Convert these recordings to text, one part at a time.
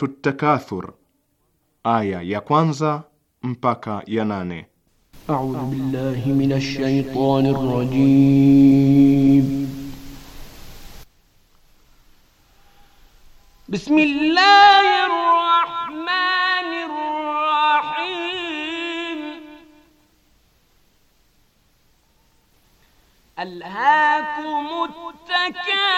Suratu Takathur aya ya kwanza mpaka ya nane. A'udhu billahi minash shaitani rajim. Bismillahir rahmanir rahim. Alhaakumut takasur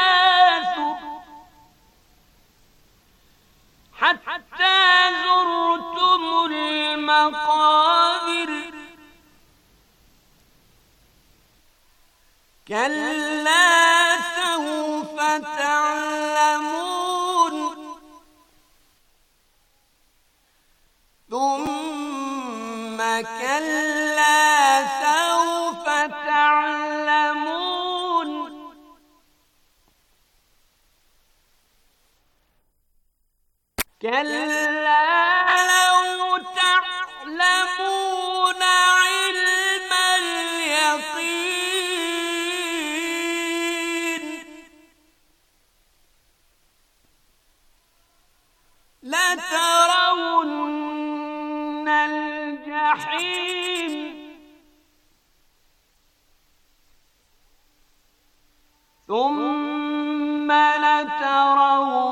كلا سوف تعلمون ثم كلا سوف تعلمون كلا ترون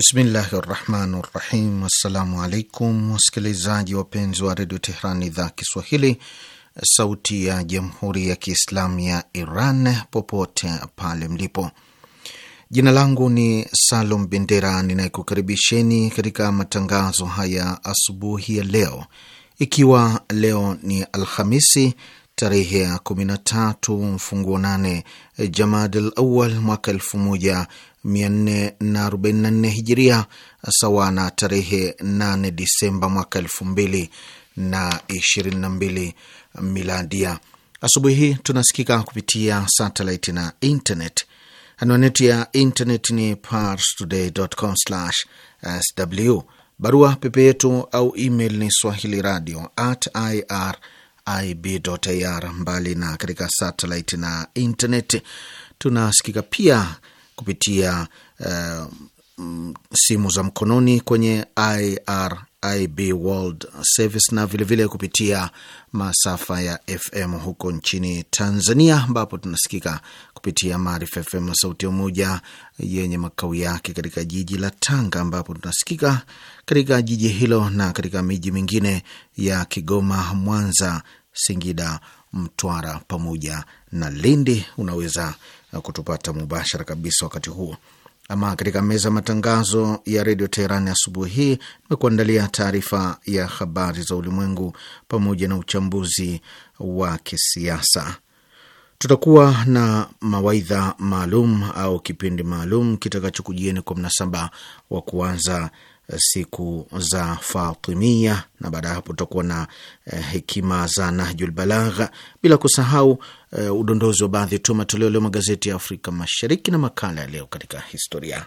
Bismillahi rahmani rahim. Assalamu alaikum wasikilizaji wapenzi wa redio Tehran, idhaa Kiswahili, sauti ya jamhuri ya kiislamu ya Iran, popote pale mlipo. Jina langu ni Salum Bendera ninayekukaribisheni katika matangazo haya asubuhi ya leo, ikiwa leo ni Alhamisi tarehe ya 13 mfunguo 8 Jamadil Awal mwaka elfu moja 444 hijiria sawa na tarehe 8 Disemba mwaka mbili miladia. Asubuhi hii tunasikika kupitia satellite na internet. Anwani ya internet ni parstoday.com/sw. Barua pepe yetu au email ni swahili radio at irib.ir. Mbali na katika satellite na internet, tunasikika pia kupitia uh, simu za mkononi kwenye IRIB World Service na vilevile vile kupitia masafa ya FM huko nchini Tanzania, ambapo tunasikika kupitia Maarifa FM Sauti ya Umoja yenye makao yake katika jiji la Tanga, ambapo tunasikika katika jiji hilo na katika miji mingine ya Kigoma, Mwanza, Singida, Mtwara pamoja na Lindi. Unaweza kutupata mubashara kabisa wakati huu. Ama katika meza ya matangazo ya redio teherani asubuhi hii nimekuandalia taarifa ya habari za ulimwengu pamoja na uchambuzi wa kisiasa. Tutakuwa na mawaidha maalum au kipindi maalum kitakachokujieni kwa mnasaba wa kuanza siku za Fatimia, na baada ya hapo tutakuwa na eh, hekima za Nahjul Balagha, bila kusahau eh, udondozi wa baadhi tu matoleo leo magazeti ya Afrika Mashariki na makala ya leo katika historia.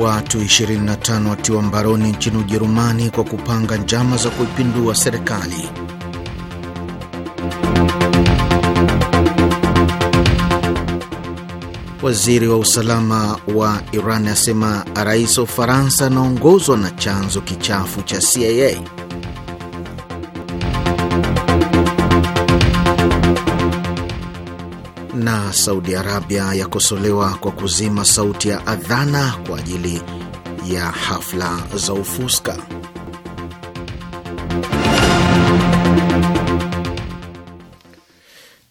Watu 25 watiwa mbaroni nchini Ujerumani kwa kupanga njama za kuipindua serikali. Waziri wa usalama wa Iran asema rais wa Ufaransa anaongozwa na chanzo kichafu cha CIA. na Saudi Arabia yakosolewa kwa kuzima sauti ya adhana kwa ajili ya hafla za ufuska.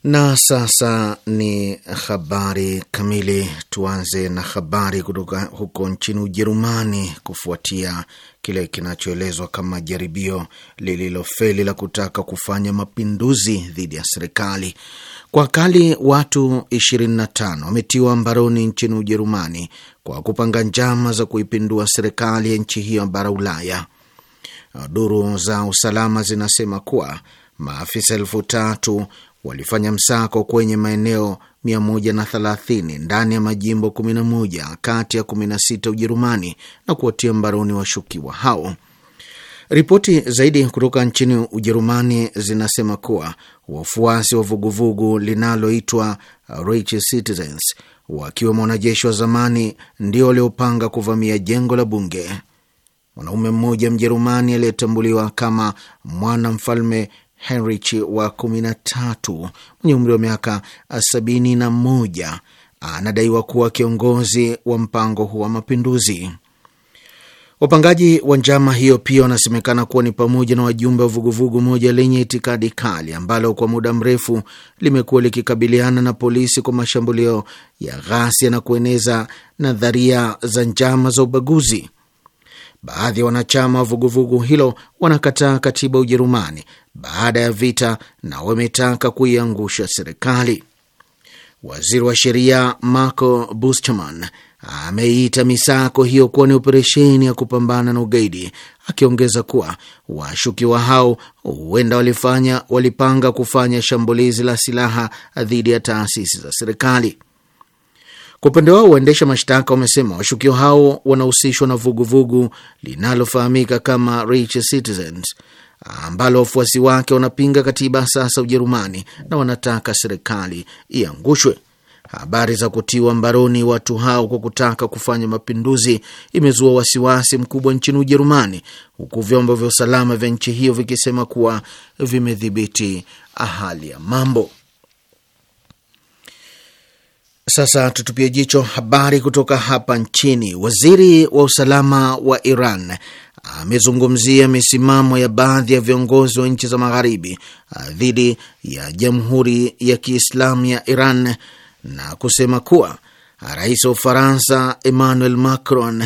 Na sasa ni habari kamili. Tuanze na habari kutoka huko nchini Ujerumani, kufuatia kile kinachoelezwa kama jaribio lililofeli la kutaka kufanya mapinduzi dhidi ya serikali. Kwa kali watu 25 wametiwa mbaroni nchini Ujerumani kwa kupanga njama za kuipindua serikali ya nchi hiyo bara Ulaya. Duru za usalama zinasema kuwa maafisa elfu tatu walifanya msako kwenye maeneo 130 ndani ya majimbo 11 kati ya 16 Ujerumani na kuwatia mbaroni washukiwa hao. Ripoti zaidi kutoka nchini Ujerumani zinasema kuwa wafuasi wa vuguvugu linaloitwa Reich Citizens wakiwemo wanajeshi wa zamani ndio waliopanga kuvamia jengo la bunge. Mwanaume mmoja Mjerumani aliyetambuliwa kama mwana mfalme Heinrich wa kumi na tatu mwenye umri wa miaka sabini na moja anadaiwa kuwa kiongozi wa mpango huu wa mapinduzi. Wapangaji wa njama hiyo pia wanasemekana kuwa ni pamoja na wajumbe wa vuguvugu moja lenye itikadi kali ambalo kwa muda mrefu limekuwa likikabiliana na polisi kwa mashambulio ya ghasia na kueneza nadharia za njama za ubaguzi. Baadhi ya wanachama wa vuguvugu hilo wanakataa katiba Ujerumani baada ya vita na wametaka kuiangusha serikali. Waziri wa sheria Marco Busterman ameita misako hiyo kuwa ni operesheni ya kupambana na ugaidi, akiongeza kuwa washukiwa hao huenda walifanya walipanga kufanya shambulizi la silaha dhidi ya taasisi za serikali. Kwa upande wao waendesha mashtaka wamesema washukiwa hao wanahusishwa na vuguvugu linalofahamika kama Rich Citizens ambalo wafuasi wake wanapinga katiba sasa Ujerumani na wanataka serikali iangushwe. Habari za kutiwa mbaroni watu hao kwa kutaka kufanya mapinduzi imezua wasiwasi mkubwa nchini Ujerumani, huku vyombo vya usalama vya nchi hiyo vikisema kuwa vimedhibiti hali ya mambo. Sasa tutupie jicho habari kutoka hapa nchini. Waziri wa usalama wa Iran amezungumzia misimamo ya baadhi ya viongozi wa nchi za magharibi ah, dhidi ya Jamhuri ya Kiislamu ya Iran na kusema kuwa rais wa Ufaransa Emmanuel Macron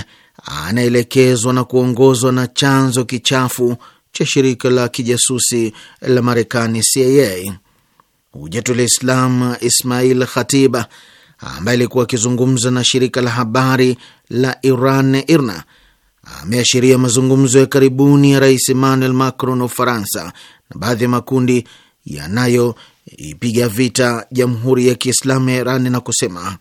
anaelekezwa na kuongozwa na chanzo kichafu cha shirika la kijasusi la Marekani CIA. Hujatul Islam Ismail Khatiba ambaye alikuwa akizungumza na shirika la habari la Iran IRNA ameashiria mazungumzo ya karibuni ya rais Emmanuel Macron wa Ufaransa na baadhi ya makundi yanayoipiga vita Jamhuri ya Kiislamu ya Iran na kusema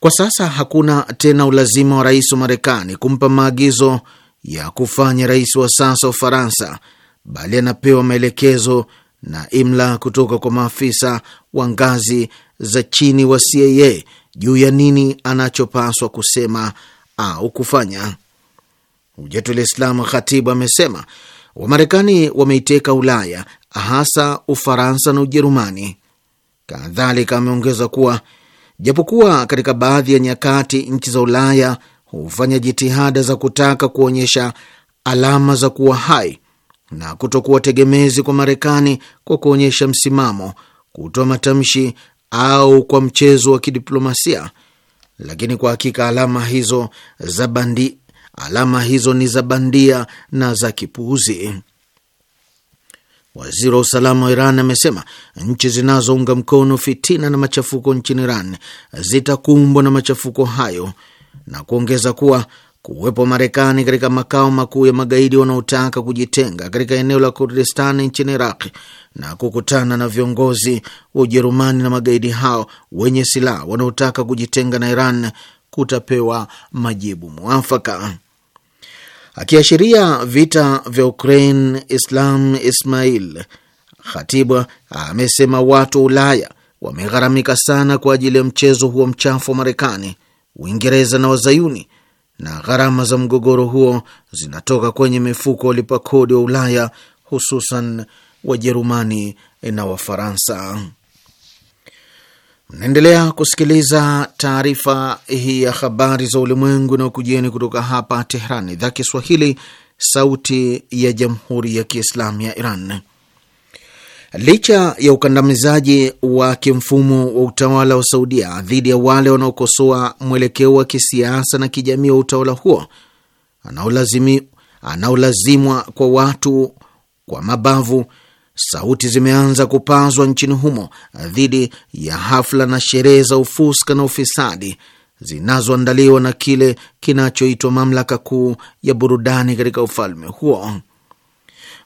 kwa sasa hakuna tena ulazima wa rais wa Marekani kumpa maagizo ya kufanya rais wa sasa wa Ufaransa, bali anapewa maelekezo na imla kutoka kwa maafisa wa ngazi za chini wa CIA juu ya nini anachopaswa kusema au kufanya. Hujatul Islam Khatibu amesema Wamarekani wameiteka Ulaya hasa Ufaransa na Ujerumani. Kadhalika ameongeza kuwa japokuwa katika baadhi ya nyakati nchi za Ulaya hufanya jitihada za kutaka kuonyesha alama za kuwa hai na kutokuwa tegemezi kwa Marekani kwa kuonyesha msimamo, kutoa matamshi au kwa mchezo wa kidiplomasia, lakini kwa hakika alama hizo za bandi, alama hizo ni za bandia na za kipuuzi. Waziri wa usalama wa Iran amesema nchi zinazounga mkono fitina na machafuko nchini Iran zitakumbwa na machafuko hayo na kuongeza kuwa kuwepo Marekani katika makao makuu ya magaidi wanaotaka kujitenga katika eneo la Kurdistani nchini Iraq na kukutana na viongozi wa Ujerumani na magaidi hao wenye silaha wanaotaka kujitenga na Iran kutapewa majibu mwafaka. Akiashiria vita vya Ukraine, Islam Ismail Khatiba amesema watu wa Ulaya wamegharamika sana kwa ajili ya mchezo huo mchafu wa Marekani, Uingereza na Wazayuni, na gharama za mgogoro huo zinatoka kwenye mifuko walipa kodi wa Ulaya, hususan Wajerumani na Wafaransa. Mnaendelea kusikiliza taarifa hii ya habari za ulimwengu na ukujieni kutoka hapa Tehran, idhaa Kiswahili, sauti ya jamhuri ya kiislamu ya Iran. Licha ya ukandamizaji wa kimfumo wa utawala wa Saudia dhidi ya wale wanaokosoa mwelekeo wa kisiasa na kijamii wa utawala huo anaolazimwa kwa watu kwa mabavu sauti zimeanza kupazwa nchini humo dhidi ya hafla na sherehe za ufuska na ufisadi zinazoandaliwa na kile kinachoitwa mamlaka kuu ya burudani katika ufalme huo.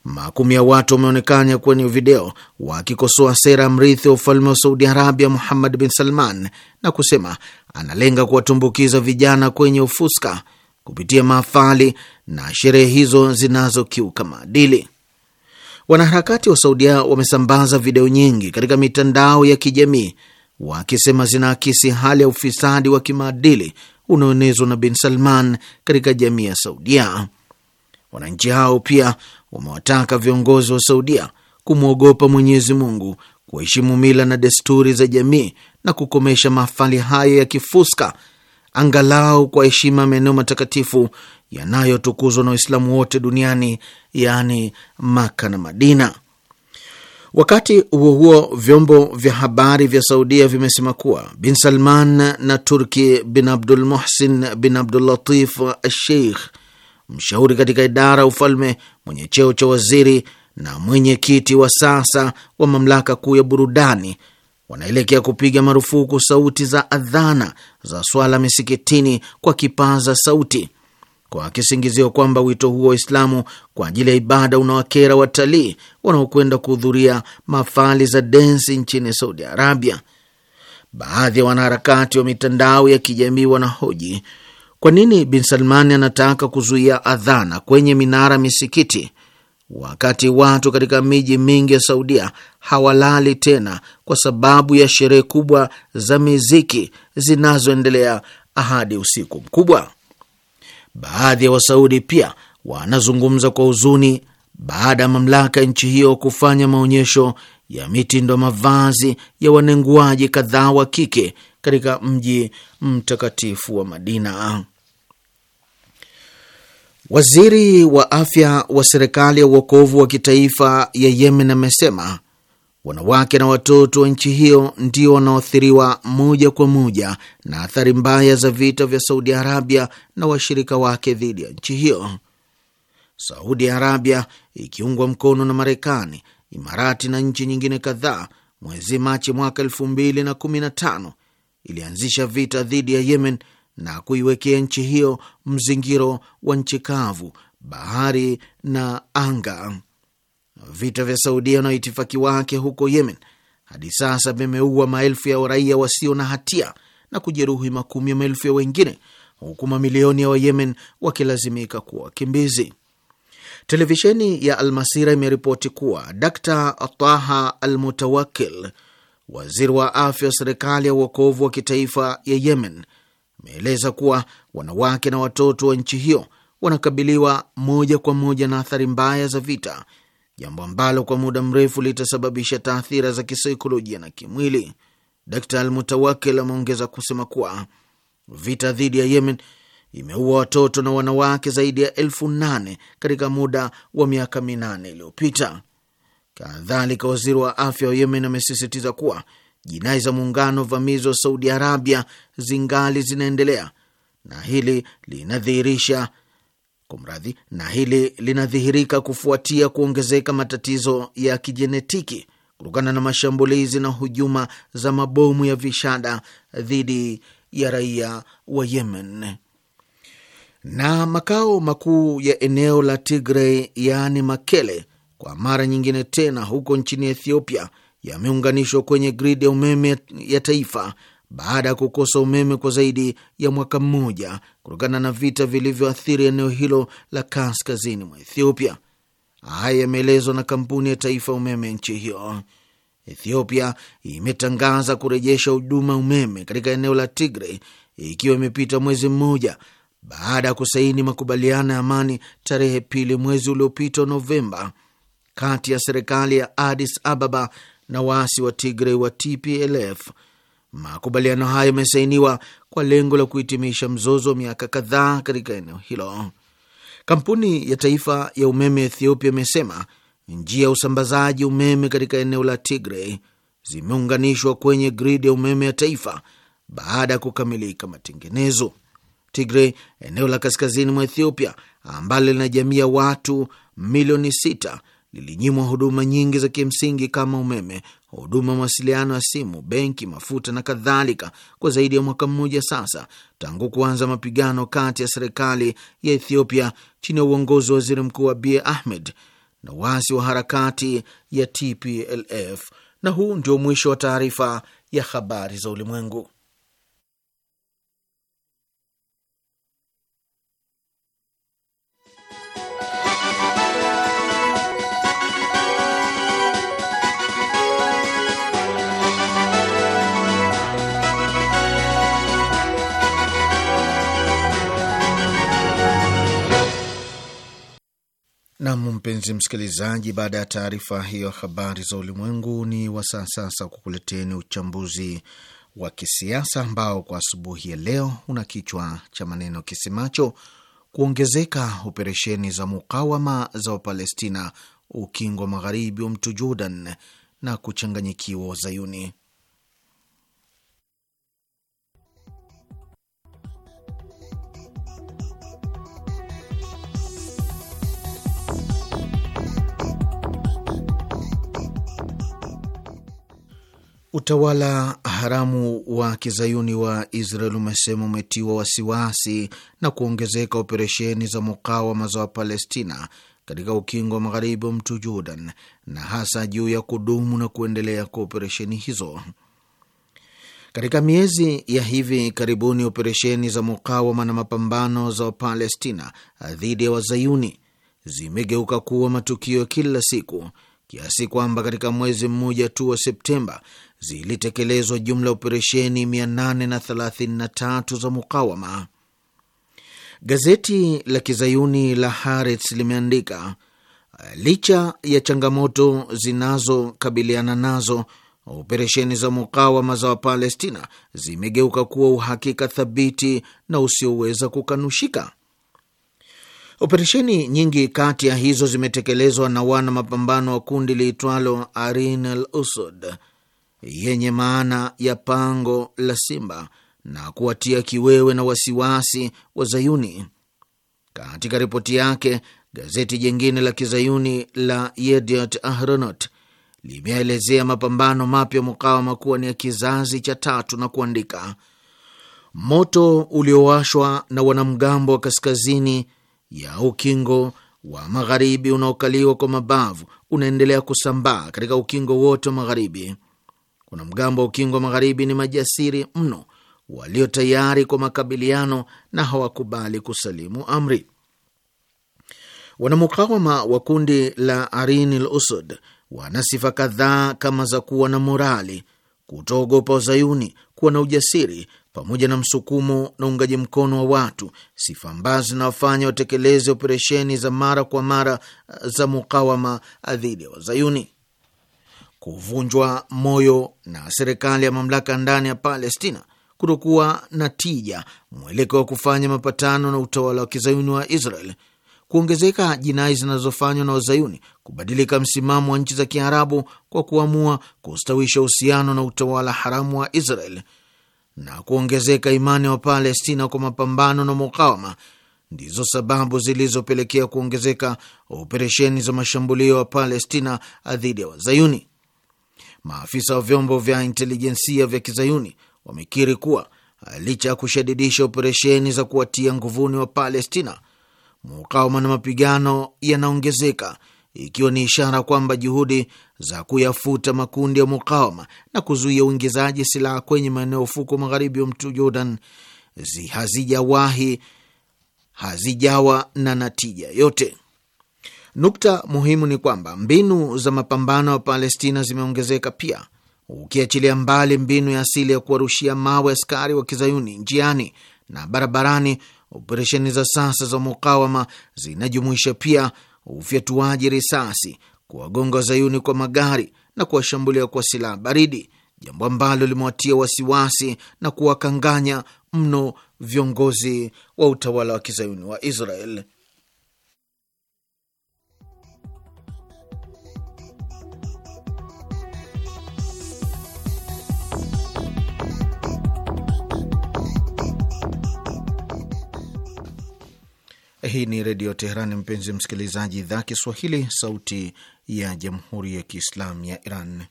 Makumi ya watu wameonekana kwenye video wakikosoa sera ya mrithi wa ufalme wa Saudi Arabia, Muhammad bin Salman, na kusema analenga kuwatumbukiza vijana kwenye ufuska kupitia mahafali na sherehe hizo zinazokiuka maadili. Wanaharakati wa Saudia wamesambaza video nyingi katika mitandao ya kijamii wakisema zinaakisi hali ya ufisadi wa kimaadili unaoenezwa na Bin Salman katika jamii ya Saudia. Wananchi hao pia wamewataka viongozi wa Saudia kumwogopa Mwenyezi Mungu, kuheshimu mila na desturi za jamii na kukomesha mafali hayo ya kifuska, angalau kwa heshima maeneo matakatifu yanayotukuzwa na Waislamu wote duniani, yaani Maka na Madina. Wakati huo huo, vyombo vya habari vya Saudia vimesema kuwa bin Salman na Turki bin Abdul Muhsin bin Abdulatif Asheikh, mshauri katika idara ya ufalme mwenye cheo cha waziri na mwenyekiti wa sasa wa mamlaka kuu ya burudani, wanaelekea kupiga marufuku sauti za adhana za swala misikitini kwa kipaza sauti kwa kisingizio kwamba wito huo wa Waislamu kwa ajili ya ibada unawakera watalii wanaokwenda kuhudhuria mafali za densi nchini Saudi Arabia. Baadhi ya wanaharakati wa mitandao ya kijamii wanahoji kwa nini Bin Salmani anataka kuzuia adhana kwenye minara misikiti, wakati watu katika miji mingi ya Saudia hawalali tena kwa sababu ya sherehe kubwa za miziki zinazoendelea hadi usiku mkubwa. Baadhi ya Wasaudi pia wanazungumza kwa huzuni baada ya mamlaka ya nchi hiyo kufanya maonyesho ya mitindo mavazi ya wanenguaji kadhaa wa kike katika mji mtakatifu wa Madina. Waziri wa afya wa serikali ya uokovu wa kitaifa ya Yemen amesema Wanawake na watoto wa nchi hiyo ndio wanaoathiriwa moja kwa moja na athari mbaya za vita vya Saudi Arabia na washirika wake dhidi ya nchi hiyo. Saudi Arabia ikiungwa mkono na Marekani, Imarati na nchi nyingine kadhaa, mwezi Machi mwaka elfu mbili na kumi na tano ilianzisha vita dhidi ya Yemen na kuiwekea nchi hiyo mzingiro wa nchi kavu, bahari na anga vita vya Saudia na waitifaki wake huko Yemen hadi sasa vimeua maelfu ya raia wasio na hatia na kujeruhi makumi ya maelfu ya wengine, huku mamilioni ya Wayemen wakilazimika kuwa wakimbizi. Televisheni ya Almasira imeripoti kuwa Dr Taha Al Mutawakil, waziri wa afya wa serikali ya uokovu wa kitaifa ya Yemen, ameeleza kuwa wanawake na watoto wa nchi hiyo wanakabiliwa moja kwa moja na athari mbaya za vita jambo ambalo kwa muda mrefu litasababisha taathira za kisaikolojia na kimwili. Dkt Almutawakil ameongeza kusema kuwa vita dhidi ya Yemen imeua watoto na wanawake zaidi ya elfu nane katika muda wa miaka minane iliyopita. Kadhalika, waziri wa afya wa Yemen amesisitiza kuwa jinai za muungano vamizi wa Saudi Arabia zingali zinaendelea na hili linadhihirisha Kumradhi, na hili linadhihirika kufuatia kuongezeka matatizo ya kijenetiki kutokana na mashambulizi na hujuma za mabomu ya vishada dhidi ya raia wa Yemen. Na makao makuu ya eneo la Tigray yaani Makele, kwa mara nyingine tena huko nchini Ethiopia, yameunganishwa kwenye gridi ya umeme ya taifa baada ya kukosa umeme kwa zaidi ya mwaka mmoja kutokana na vita vilivyoathiri eneo hilo la kaskazini mwa Ethiopia. Haya yameelezwa na kampuni ya taifa ya umeme ya nchi hiyo. Ethiopia imetangaza kurejesha huduma umeme katika eneo la Tigray ikiwa imepita mwezi mmoja baada ya kusaini makubaliano ya amani tarehe pili mwezi uliopita Novemba, kati ya serikali ya Addis Ababa na waasi wa Tigray wa TPLF Makubaliano hayo yamesainiwa kwa lengo la kuhitimisha mzozo wa miaka kadhaa katika eneo hilo. Kampuni ya taifa ya umeme Ethiopia imesema njia ya usambazaji umeme katika eneo la Tigray zimeunganishwa kwenye gridi ya umeme ya taifa baada ya kukamilika matengenezo. Tigray, eneo la kaskazini mwa Ethiopia ambalo lina jamii ya watu milioni sita, lilinyimwa huduma nyingi za kimsingi kama umeme huduma mawasiliano ya simu, benki, mafuta na kadhalika kwa zaidi ya mwaka mmoja sasa tangu kuanza mapigano kati ya serikali ya Ethiopia chini ya uongozi wa waziri mkuu Abiy Ahmed na waasi wa harakati ya TPLF. Na huu ndio mwisho wa taarifa ya habari za ulimwengu. Nam, mpenzi msikilizaji, baada ya taarifa hiyo habari za ulimwengu, ni wasaa sasa kukuleteni uchambuzi wa kisiasa ambao kwa asubuhi ya leo una kichwa cha maneno kisemacho kuongezeka operesheni za mukawama za Wapalestina ukingo magharibi wa mto Jordan na kuchanganyikiwa zayuni Utawala haramu wa kizayuni wa Israel umesema umetiwa wasiwasi na kuongezeka operesheni za mukawama za Wapalestina katika ukingo wa magharibi wa mto Jordan na hasa juu ya kudumu na kuendelea kwa operesheni hizo. Katika miezi ya hivi karibuni, operesheni za mukawama na mapambano za Wapalestina dhidi ya wazayuni zimegeuka kuwa matukio ya kila siku kiasi kwamba katika mwezi mmoja tu wa Septemba zilitekelezwa jumla operesheni 833 za mukawama. Gazeti la kizayuni la Haaretz limeandika licha ya changamoto zinazokabiliana nazo operesheni za mukawama za Wapalestina zimegeuka kuwa uhakika thabiti na usioweza kukanushika. Operesheni nyingi kati ya hizo zimetekelezwa na wana mapambano wa kundi liitwalo Arin al Usud yenye maana ya pango la simba na kuwatia kiwewe na wasiwasi wa Zayuni. Katika ripoti yake, gazeti jingine la kizayuni la Yediot Ahronot limeelezea mapambano mapya mukawama kuwa ni ya kizazi cha tatu na kuandika, moto uliowashwa na wanamgambo wa kaskazini ya ukingo wa magharibi unaokaliwa kwa mabavu unaendelea kusambaa katika ukingo wote wa magharibi kuna mgambo wa ukingo wa magharibi ni majasiri mno, walio tayari kwa makabiliano na hawakubali kusalimu amri. Wanamukawama wa kundi la Arinil Usud wana sifa kadhaa kama za kuwa na morali, kutoogopa wazayuni, kuwa na ujasiri pamoja na msukumo na uungaji mkono wa watu, sifa ambazo zinawafanya watekeleze operesheni za mara kwa mara za mukawama dhidi ya wazayuni kuvunjwa moyo na serikali ya mamlaka ndani ya Palestina, kutokuwa na tija, mwelekeo wa kufanya mapatano na utawala wa kizayuni wa Israel, kuongezeka jinai zinazofanywa na wazayuni, kubadilika msimamo wa nchi za Kiarabu kwa kuamua kustawisha uhusiano na utawala haramu wa Israel na kuongezeka imani ya Wapalestina kwa mapambano na mukawama ndizo sababu zilizopelekea kuongezeka operesheni za mashambulio ya Palestina dhidi ya Wazayuni. Maafisa wa vyombo vya intelijensia vya kizayuni wamekiri kuwa licha ya kushadidisha operesheni za kuwatia nguvuni wa Palestina, mukawama na mapigano yanaongezeka, ikiwa ni ishara kwamba juhudi za kuyafuta makundi ya mukawama na kuzuia uingizaji silaha kwenye maeneo ufuko magharibi wa mto Jordan hazijawahi hazijawa na natija yote. Nukta muhimu ni kwamba mbinu za mapambano ya Palestina zimeongezeka pia, ukiachilia mbali mbinu ya asili ya kuwarushia mawe askari wa kizayuni njiani na barabarani. Operesheni za sasa za mukawama zinajumuisha pia ufyatuaji risasi, kuwagonga zayuni kwa magari na kuwashambulia kwa silaha baridi, jambo ambalo limewatia wasiwasi na kuwakanganya mno viongozi wa utawala wa kizayuni wa Israel. Hii ni Redio Teherani, mpenzi msikilizaji, idhaa Kiswahili, sauti ya jamhuri ya kiislamu ya Iran.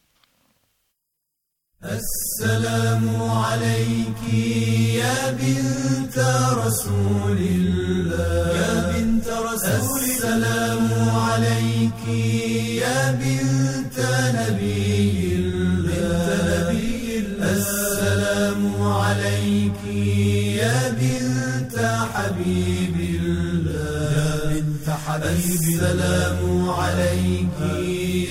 Assalamu alayki ya binta rasulillah, ya binta rasulillah. Assalamu alayki ya binta السلام عليك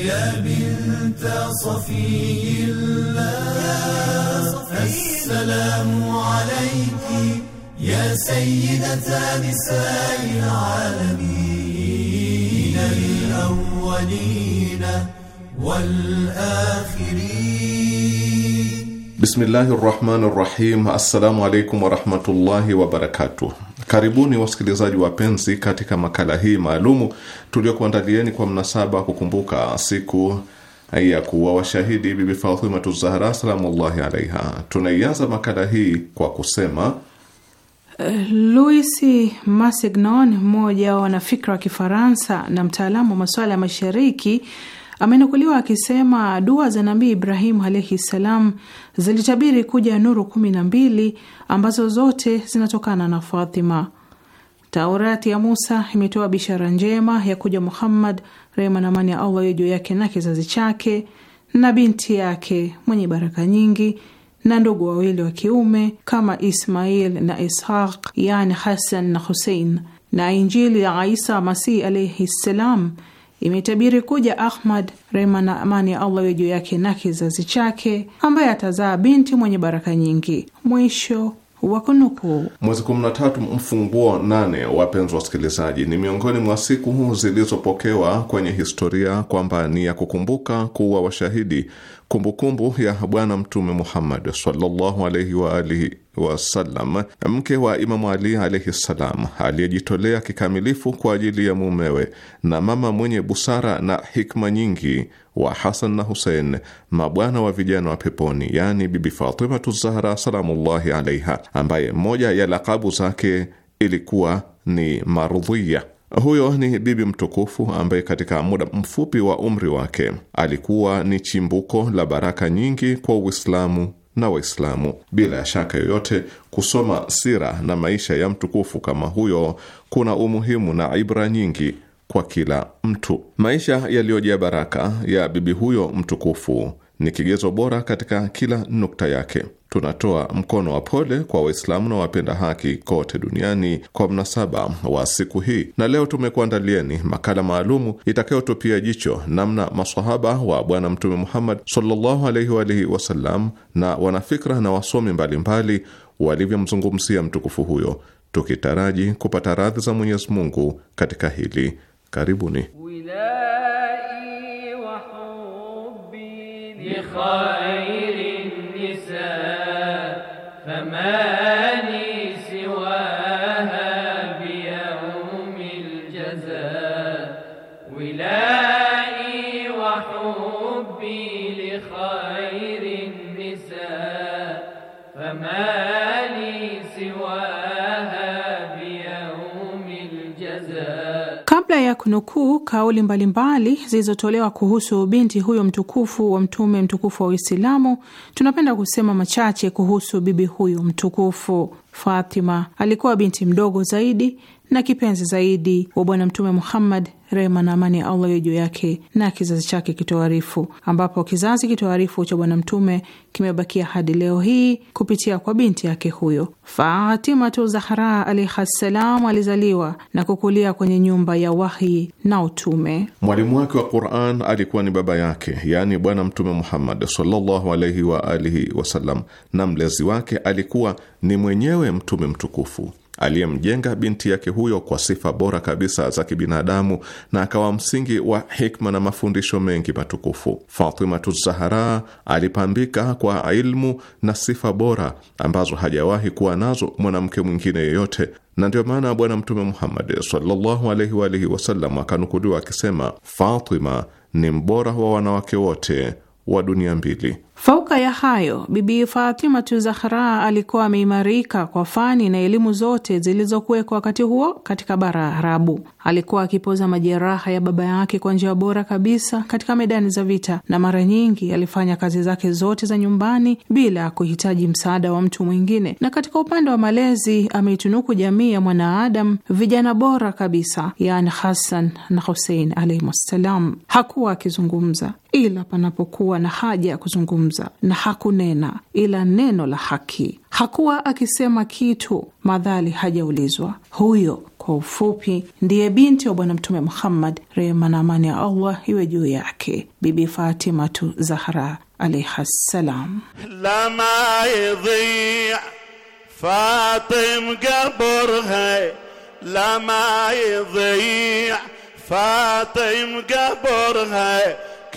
يا بنت صفي الله السلام عليك يا سيدة نساء العالمين الأولين والآخرين بسم الله الرحمن الرحيم السلام عليكم ورحمة الله وبركاته Karibuni wasikilizaji wapenzi, katika makala hii maalumu tuliokuandalieni kwa mnasaba wa kukumbuka siku ya kuwa washahidi Bibi Fatimatu Zahra salamullahi alaiha. Tunaianza makala hii kwa kusema Louis Massignon, mmoja wa wanafikra wa Kifaransa na mtaalamu wa masuala ya mashariki amenukuliwa akisema dua za Nabii Ibrahimu alaihi ssalam zilitabiri kuja nuru kumi na mbili ambazo zote zinatokana na Fatima. Taurati ya Musa imetoa bishara njema ya kuja Muhammad, rehma na amani ya Allah juu yake na kizazi chake na binti yake mwenye baraka nyingi na ndugu wawili wa kiume kama Ismail na Ishaq, yani Hasan na Husein, na Injili ya Isa Masihi alaihi ssalam imetabiri kuja Ahmad, rehma na amani ya Allah juu yake na kizazi chake, ambaye atazaa binti mwenye baraka nyingi. Mwisho wakunukuu. Mwezi 13 mfunguo 8, wapenzi wasikilizaji, ni miongoni mwa siku zilizopokewa kwenye historia kwamba ni ya kukumbuka kuwa washahidi kumbukumbu ya Bwana Mtume Muhammad sallallahu alaihi wa alihi wasallam, mke wa Imamu Ali alaihi ssalam, aliyejitolea kikamilifu kwa ajili ya mumewe na mama mwenye busara na hikma nyingi wa Hasan na Husein, mabwana wa vijana wa peponi, yani Bibi Fatimatu Zahra salamullahi alaiha, ambaye moja ya lakabu zake ilikuwa ni Marudhiya. Huyo ni bibi mtukufu ambaye katika muda mfupi wa umri wake alikuwa ni chimbuko la baraka nyingi kwa Uislamu na Waislamu. Bila ya shaka yoyote, kusoma sira na maisha ya mtukufu kama huyo kuna umuhimu na ibra nyingi kwa kila mtu. Maisha yaliyojaa baraka ya bibi huyo mtukufu ni kigezo bora katika kila nukta yake tunatoa mkono wa pole kwa Waislamu na wapenda haki kote duniani kwa mnasaba wa siku hii, na leo tumekuandalieni makala maalumu itakayotupia jicho namna masahaba wa Bwana Mtume Muhammad sallallahu alaihi wa alihi wasallam na wanafikra na wasomi mbalimbali walivyomzungumzia mtukufu huyo, tukitaraji kupata radhi za Mwenyezi Mungu katika hili. Karibuni. Wilai wa Amen. Baada ya kunukuu kauli mbalimbali zilizotolewa kuhusu binti huyo mtukufu wa mtume mtukufu wa Uislamu, tunapenda kusema machache kuhusu bibi huyu mtukufu. Fatima alikuwa binti mdogo zaidi na kipenzi zaidi wa Bwana Mtume Muhammad, rehma na amani ya Allah iwe juu yake na kizazi chake kitoarifu, ambapo kizazi kitoarifu cha Bwana Mtume kimebakia hadi leo hii kupitia kwa binti yake huyo Fatimatu Zahra alaihi ssalam. Alizaliwa na kukulia kwenye nyumba ya wahi na utume. Mwalimu wake wa Quran alikuwa ni baba yake, yaani Bwana Mtume Muhammad sallallahu alaihi wa alihi wasallam, na mlezi wake alikuwa ni mwenyewe Mtume mtukufu aliyemjenga binti yake huyo kwa sifa bora kabisa za kibinadamu na akawa msingi wa hikma na mafundisho mengi matukufu. Fatimatu Zahara alipambika kwa ilmu na sifa bora ambazo hajawahi kuwa nazo mwanamke mwingine yeyote, na ndio maana Bwana Mtume Muhammad sallallahu alaihi wa alihi wasallam akanukuliwa akisema, Fatima ni mbora wa wanawake wote wa dunia mbili. Fauka ya hayo, Bibi Fatimatu Zahra alikuwa ameimarika kwa fani na elimu zote zilizokuwekwa wakati huo katika bara Arabu. Alikuwa akipoza majeraha ya baba yake kwa njia bora kabisa katika medani za vita, na mara nyingi alifanya kazi zake zote za nyumbani bila ya kuhitaji msaada wa mtu mwingine. Na katika upande wa malezi, ameitunuku jamii ya mwanaadam vijana bora kabisa, yani Hasan na Husein alaihim wassalam. Hakuwa akizungumza ila panapokuwa na haja ya kuzungumza hakuzungumza na hakunena ila neno la haki. Hakuwa akisema kitu madhali hajaulizwa. Huyo kwa ufupi ndiye binti wa Bwana Mtume Muhammad, rehma na amani ya Allah iwe juu yake, Bibi Fatimatu Zahra alaihi ssalam. Fatim lama Fatim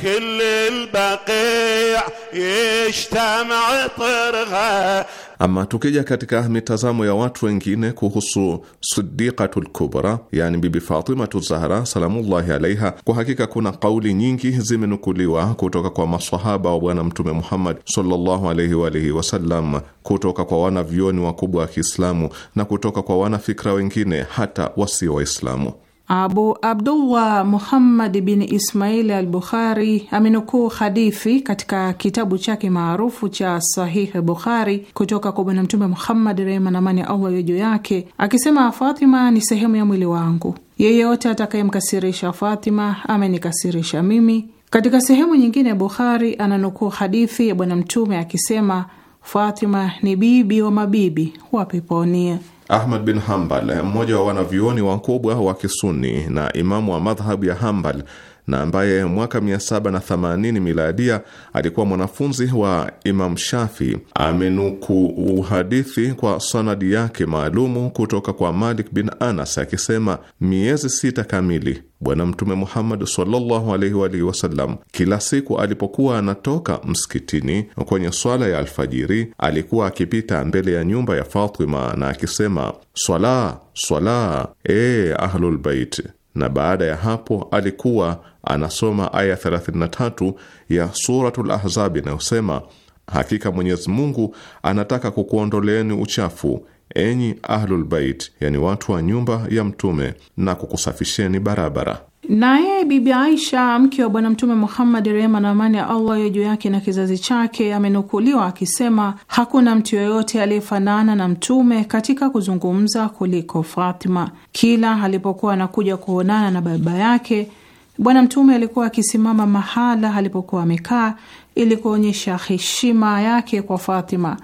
كل البقيع يجتمع طرغه ama tukija katika mitazamo ya watu wengine kuhusu Siddiqatul Kubra, yani Bibi Fatimatu Zahra salamullahi alaiha, kwa hakika kuna kauli nyingi zimenukuliwa kutoka kwa masahaba wa Bwana Mtume Muhammad sallallahu alaihi wa alihi wasallam, kutoka kwa wanavyoni wakubwa wa Kiislamu na kutoka kwa wanafikra wengine hata wasio Waislamu. Abu Abdullah Muhammad bin Ismail al Bukhari amenukuu hadithi katika kitabu chake maarufu cha Sahihi Bukhari kutoka kwa Bwana Mtume Muhammad, rehma na amani ya Allah iwe juu yake, akisema Fatima ni sehemu ya mwili wangu, yeyote atakayemkasirisha Fatima amenikasirisha mimi. Katika sehemu nyingine Bukhari ananukuu hadithi ya Bwana Mtume akisema Fatima ni bibi wa mabibi wa peponi. Ahmad bin Hambal, mmoja wa wanavyuoni wakubwa wa Kisuni na imamu wa madhhabu ya Hambal, na ambaye mwaka 780 miladia alikuwa mwanafunzi wa Imam Shafi amenuku uhadithi kwa sanadi yake maalumu kutoka kwa Malik bin Anas akisema, miezi sita kamili Bwana Mtume Muhammad sallallahu alaihi wa alihi wasallam, kila siku alipokuwa anatoka msikitini kwenye swala ya alfajiri, alikuwa akipita mbele ya nyumba ya Fatima na akisema, swala swala, e ahlulbeit. Na baada ya hapo alikuwa anasoma aya 33 ya Suratul Ahzab inayosema, hakika Mwenyezi Mungu anataka kukuondoleeni uchafu enyi Ahlul Bait, yani watu wa nyumba ya Mtume, na kukusafisheni barabara. Naye Bibi Aisha, mke wa Bwana Mtume Muhammad, rehema na amani ya Allah ya juu yake na kizazi chake, amenukuliwa akisema, hakuna mtu yoyote aliyefanana na Mtume katika kuzungumza kuliko Fatima. Kila alipokuwa anakuja kuonana na baba yake Bwana Mtume alikuwa akisimama mahala alipokuwa amekaa ili kuonyesha heshima yake kwa Fatima,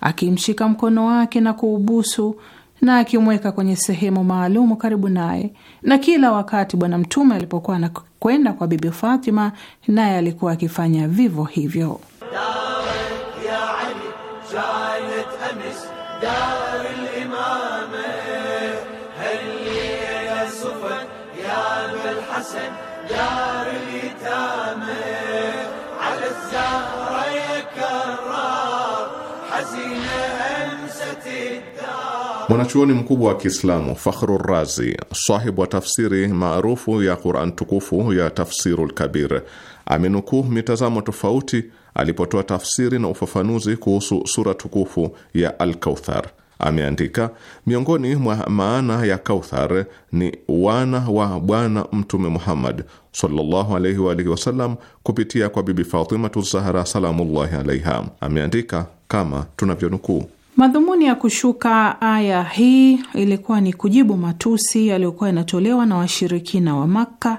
akimshika mkono wake na kuubusu na akimweka kwenye sehemu maalumu karibu naye. Na kila wakati Bwana Mtume alipokuwa anakwenda kwa Bibi Fatima, naye alikuwa akifanya vivyo hivyo. Mwanachuoni mkubwa wa Kiislamu Fakhru Razi, sahibu wa tafsiri maarufu ya Quran tukufu ya tafsiru lkabir amenukuu mitazamo tofauti alipotoa tafsiri na ufafanuzi kuhusu sura tukufu ya Al-Kauthar. Ameandika, miongoni mwa maana ya Kauthar ni wana wa Bwana Mtume Muhammad sallallahu alaihi wa alihi wasallam kupitia kwa Bibi Fatimatu Zahra salamullahi alaiha. Ameandika kama tunavyonukuu Madhumuni ya kushuka aya hii ilikuwa ni kujibu matusi yaliyokuwa yanatolewa na washirikina wa Makka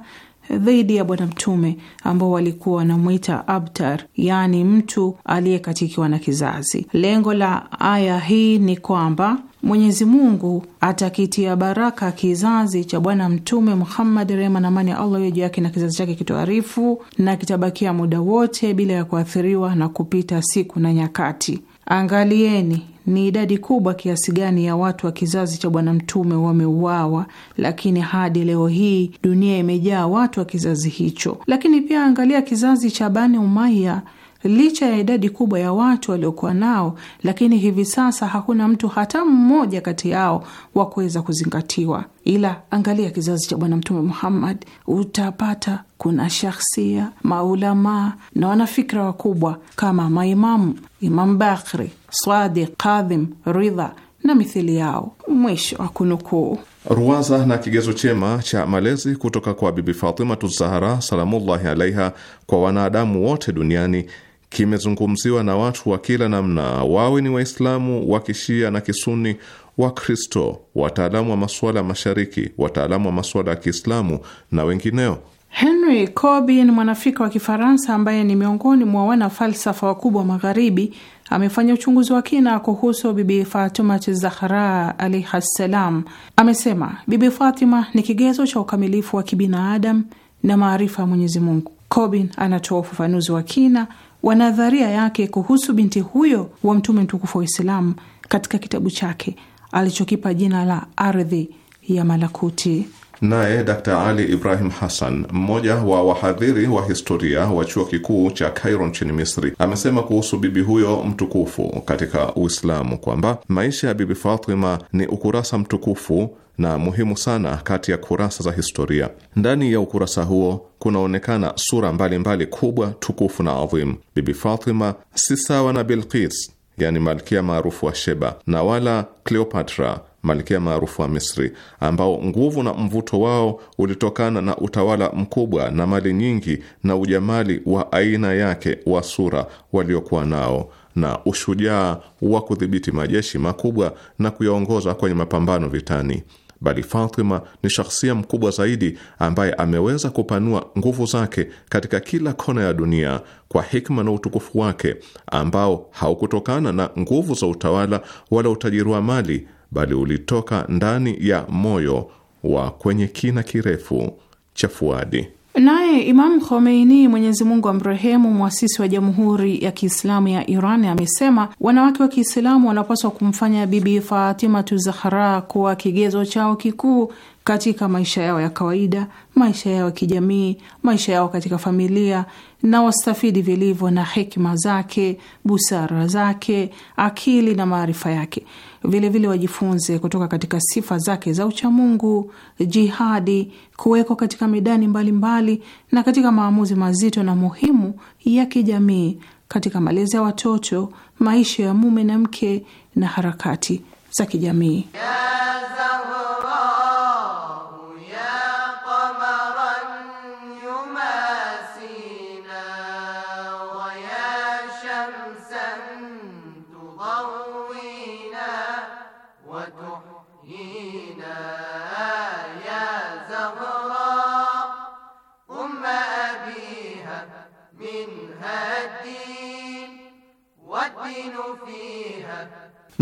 dhidi ya Bwana Mtume ambao walikuwa wanamwita abtar, yaani mtu aliyekatikiwa na kizazi. Lengo la aya hii ni kwamba Mwenyezi Mungu atakitia baraka kizazi cha Bwana Mtume Muhammad, rehma na amani ya Allah iwe juu yake na kizazi chake kitoarifu, na kitabakia muda wote bila ya kuathiriwa na kupita siku na nyakati. Angalieni ni idadi kubwa kiasi gani ya watu wa kizazi cha Bwana Mtume wameuawa, lakini hadi leo hii dunia imejaa watu wa kizazi hicho. Lakini pia angalia kizazi cha Bani Umaya licha ya idadi kubwa ya watu waliokuwa nao, lakini hivi sasa hakuna mtu hata mmoja kati yao wa kuweza kuzingatiwa. Ila angalia kizazi cha Bwana Mtume Muhammad, utapata kuna shakhsia, maulamaa na wanafikra wakubwa kama maimamu Imam Bakri, Swadi, Kadhim, Ridha na mithili yao. Mwisho wa kunukuu. Ruwaza na kigezo chema cha malezi kutoka kwa Bibi Fatimatu Zahara salamullahi alaiha kwa wanadamu wote duniani kimezungumziwa na watu wa kila namna, wawe ni Waislamu wa Kishia na Kisuni, Wakristo, wataalamu wa masuala ya Mashariki, wataalamu wa masuala ya Kiislamu na wengineo. Henry Corbin, mwanafrika wa Kifaransa ambaye ni miongoni mwa wanafalsafa wakubwa wa Magharibi, amefanya uchunguzi wa kina kuhusu Bibi Fatimat Zahra alaihi ssalam. Amesema Bibi Fatima ni kigezo cha ukamilifu wa kibinadamu na maarifa ya Mwenyezi Mungu. Corbin anatoa ufafanuzi wa kina wa nadharia yake kuhusu binti huyo wa mtume mtukufu wa Uislamu katika kitabu chake alichokipa jina la Ardhi ya Malakuti. Naye Dr Ali Ibrahim Hassan, mmoja wa wahadhiri wa historia wa chuo kikuu cha Cairo nchini Misri, amesema kuhusu bibi huyo mtukufu katika Uislamu kwamba maisha ya Bibi Fatima ni ukurasa mtukufu na muhimu sana kati ya kurasa za historia. Ndani ya ukurasa huo kunaonekana sura mbalimbali mbali kubwa, tukufu na adhimu. Bibi Fatima si sawa na Bilqis, yani malkia maarufu wa Sheba, na wala Cleopatra malkia maarufu wa Misri, ambao nguvu na mvuto wao ulitokana na utawala mkubwa na mali nyingi na ujamali wa aina yake wa sura waliokuwa nao na ushujaa wa kudhibiti majeshi makubwa na kuyaongoza kwenye mapambano vitani bali Fatima ni shahsia mkubwa zaidi ambaye ameweza kupanua nguvu zake katika kila kona ya dunia kwa hikma na utukufu wake ambao haukutokana na nguvu za utawala wala utajiri wa mali, bali ulitoka ndani ya moyo wa kwenye kina kirefu cha Fuadi. Naye Imam Khomeini, Mwenyezi Mungu amrehemu, mwasisi wa Jamhuri ya Kiislamu ya Iran, amesema wanawake wa Kiislamu wanapaswa kumfanya Bibi Fatimatu Zahra kuwa kigezo chao kikuu katika maisha yao ya kawaida, maisha yao ya kijamii, maisha yao katika familia, na wastafidi vilivyo na hekima zake, busara zake, akili na maarifa yake vilevile vile wajifunze kutoka katika sifa zake za uchamungu, jihadi, kuwekwa katika midani mbalimbali mbali, na katika maamuzi mazito na muhimu ya kijamii, katika malezi ya watoto, maisha ya mume na mke na harakati za kijamii.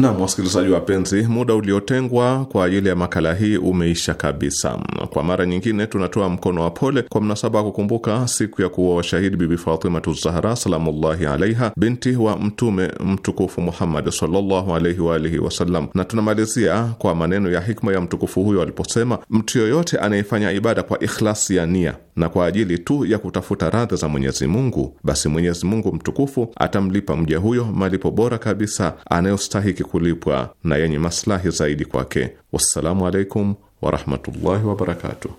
Nam wasikilizaji wapenzi, muda uliotengwa kwa ajili ya makala hii umeisha kabisa. Kwa mara nyingine, tunatoa mkono wa pole kwa mnasaba wa kukumbuka siku ya kuwa washahidi Bibi Fatimatu Zahra salamullahi alaiha, binti wa Mtume mtukufu Muhammad sallallahu alaihi wa alihi wasallam, na tunamalizia kwa maneno ya hikma ya mtukufu huyo aliposema, mtu yoyote anayefanya ibada kwa ikhlasi ya nia na kwa ajili tu ya kutafuta radha za Mwenyezi Mungu, basi Mwenyezi Mungu mtukufu atamlipa mja huyo malipo bora kabisa anayostahiki kulipwa na yenye maslahi zaidi kwake. Wassalamu alaikum warahmatullahi wabarakatuh.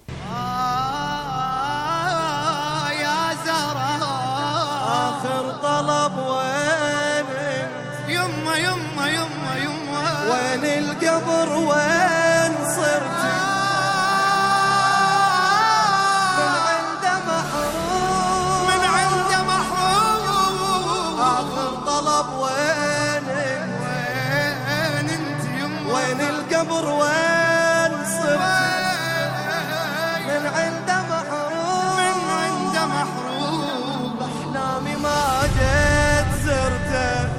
عمي ما جيت زرته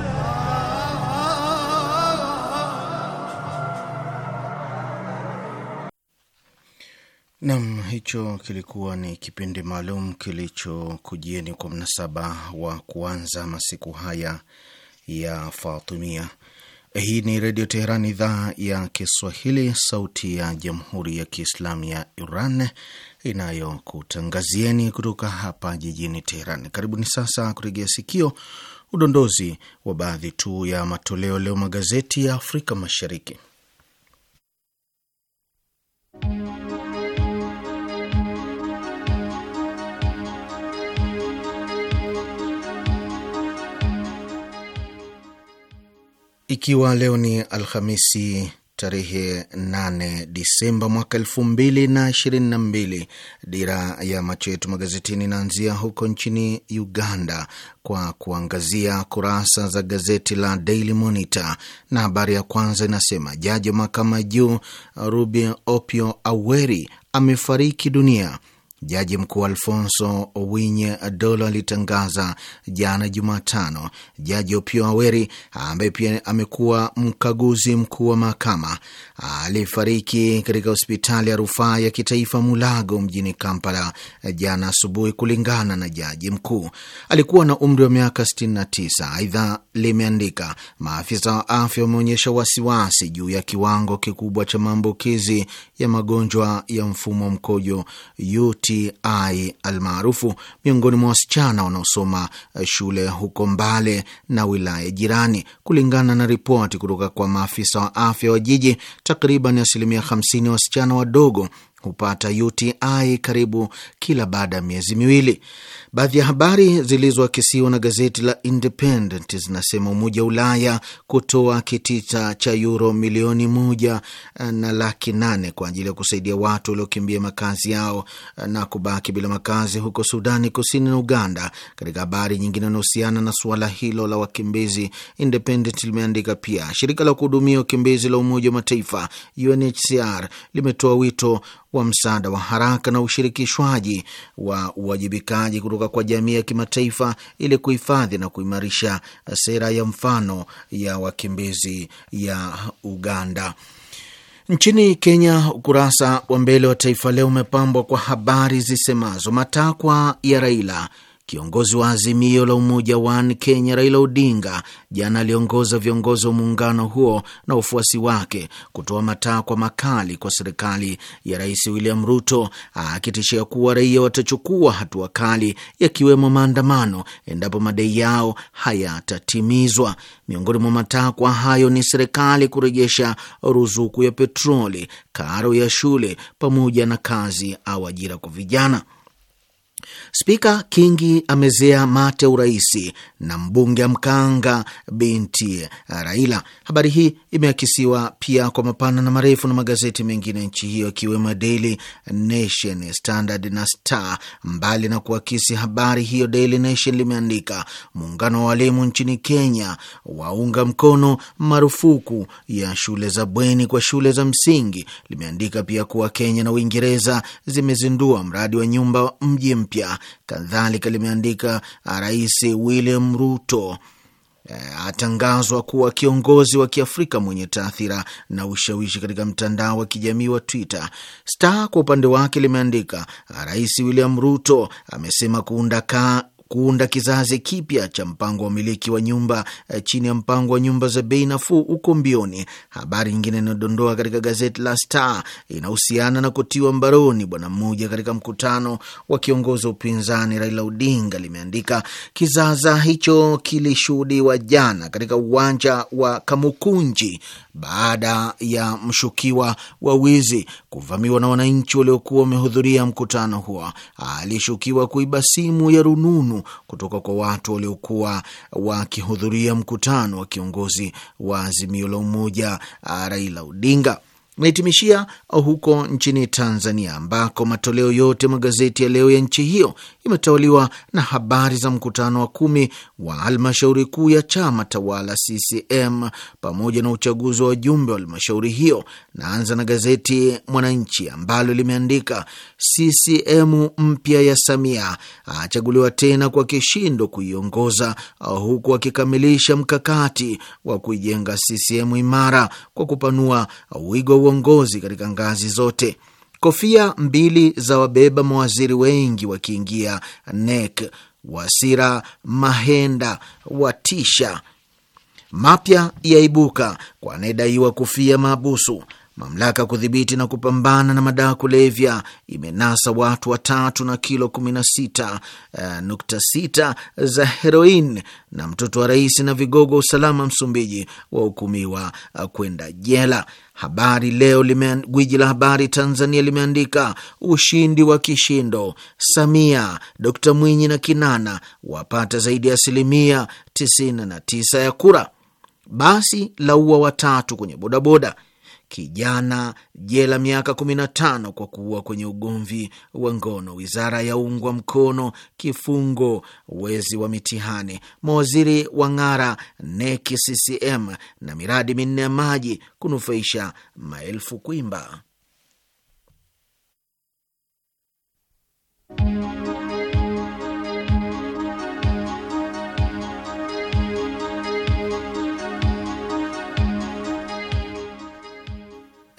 Nam, hicho kilikuwa ni kipindi maalum kilichokujieni kwa mnasaba wa kuanza masiku haya ya Fatimia. Hii ni Redio Teheran, idhaa ya Kiswahili, sauti ya Jamhuri ya Kiislamu ya Iran inayokutangazieni kutoka hapa jijini Teheran. Karibuni sasa kuregea sikio udondozi wa baadhi tu ya matoleo leo magazeti ya Afrika Mashariki. Ikiwa leo ni Alhamisi tarehe 8 Disemba mwaka elfu mbili na ishirini na mbili. Dira ya macho yetu magazetini inaanzia huko nchini Uganda kwa kuangazia kurasa za gazeti la Daily Monitor, na habari ya kwanza inasema jaji wa mahakama ya juu Ruby Opio Aweri amefariki dunia Jaji mkuu Alfonso Owiny Adola alitangaza jana Jumatano jaji Opio Aweri, ambaye pia amekuwa mkaguzi mkuu wa mahakama, alifariki katika hospitali ya rufaa ya kitaifa Mulago mjini Kampala jana asubuhi, kulingana na jaji mkuu. Alikuwa na umri wa miaka 69. Aidha limeandika maafisa wa afya wameonyesha wasiwasi juu ya kiwango kikubwa cha maambukizi ya magonjwa ya mfumo mkojo UTI Shii almaarufu miongoni mwa wasichana wanaosoma eh, shule huko Mbale na wilaya jirani. Kulingana na ripoti kutoka kwa maafisa wa afya wa jiji, takriban asilimia 50 ya wasichana wadogo hupata UTI karibu kila baada ya miezi miwili. Baadhi ya habari zilizoakisiwa na gazeti la Independent zinasema Umoja wa Ulaya kutoa kitita cha yuro milioni moja eh, na laki nane kwa ajili ya kusaidia watu waliokimbia makazi yao eh, na kubaki bila makazi huko Sudani Kusini na Uganda. Katika habari nyingine inahusiana na suala hilo la wakimbizi, Independent limeandika pia shirika la kuhudumia wakimbizi la Umoja wa Mataifa UNHCR limetoa wito wa msaada wa haraka na ushirikishwaji wa uwajibikaji kutoka kwa jamii ya kimataifa ili kuhifadhi na kuimarisha sera ya mfano ya wakimbizi ya Uganda. Nchini Kenya, ukurasa wa mbele wa Taifa Leo umepambwa kwa habari zisemazo matakwa ya Raila Kiongozi wa Azimio la Umoja One Kenya Raila Odinga jana aliongoza viongozi wa muungano huo na wafuasi wake kutoa matakwa makali kwa serikali ya Rais William Ruto, akitishia kuwa raia watachukua hatua kali, yakiwemo maandamano endapo madai yao hayatatimizwa. Miongoni mwa matakwa hayo ni serikali kurejesha ruzuku ya petroli, karo ya shule, pamoja na kazi au ajira kwa vijana. Spika Kingi amezea mate uraisi na mbunge Mkanga binti Raila. Habari hii imeakisiwa pia kwa mapana na marefu na magazeti mengine ya nchi hiyo ikiwemo Daily Nation, Standard na Star. Mbali na kuakisi habari hiyo, Daily Nation limeandika muungano wa walimu nchini Kenya waunga mkono marufuku ya shule za bweni kwa shule za msingi. Limeandika pia kuwa Kenya na Uingereza zimezindua mradi wa nyumba mji mpya. Kadhalika limeandika Rais William Ruto e, atangazwa kuwa kiongozi wa Kiafrika mwenye taathira na ushawishi katika mtandao wa kijamii wa Twitter. Star kwa upande wake limeandika, Rais William Ruto amesema kuunda kaa kuunda kizazi kipya cha mpango wa umiliki wa nyumba eh, chini ya mpango wa nyumba za bei nafuu uko mbioni. Habari nyingine inayodondoa katika gazeti la Star inahusiana na kutiwa mbaroni bwana mmoja katika mkutano wa kiongozi wa upinzani Raila Odinga. Limeandika kizaza hicho kilishuhudiwa jana katika uwanja wa Kamukunji baada ya mshukiwa wa wizi kuvamiwa na wananchi waliokuwa wamehudhuria mkutano huo. Alishukiwa kuiba simu ya rununu kutoka kwa watu waliokuwa wakihudhuria mkutano wa kiongozi wa Azimio la Umoja Raila Odinga. Naitimishia huko nchini Tanzania, ambako matoleo yote magazeti ya leo ya nchi hiyo imetawaliwa na habari za mkutano wa kumi wa halmashauri kuu ya chama tawala CCM pamoja na uchaguzi wa wajumbe wa halmashauri hiyo. Naanza na gazeti Mwananchi ambalo limeandika CCM mpya ya Samia achaguliwa tena kwa kishindo kuiongoza, huku akikamilisha mkakati wa kuijenga CCM imara kwa kupanua wigo uongozi katika ngazi zote. Kofia mbili za wabeba mawaziri wengi wakiingia nek Wasira Mahenda watisha, mapya yaibuka kwa anayedaiwa kufia maabusu. Mamlaka ya kudhibiti na kupambana na madawa kulevya imenasa watu watatu na kilo 16.6 uh, eh, za heroin na mtoto wa rais na vigogo wa usalama Msumbiji wahukumiwa uh, eh, kwenda jela. Habari Leo, gwiji la habari Tanzania, limeandika ushindi wa kishindo, Samia, Dkt Mwinyi na Kinana wapata zaidi ya asilimia 99 ya kura. Basi la ua watatu kwenye bodaboda kijana jela miaka 15 kwa kuua kwenye ugomvi wa ngono, wizara ya ungwa mkono kifungo, wezi wa mitihani, mawaziri wa ng'ara, neki CCM na miradi minne ya maji kunufaisha maelfu kwimba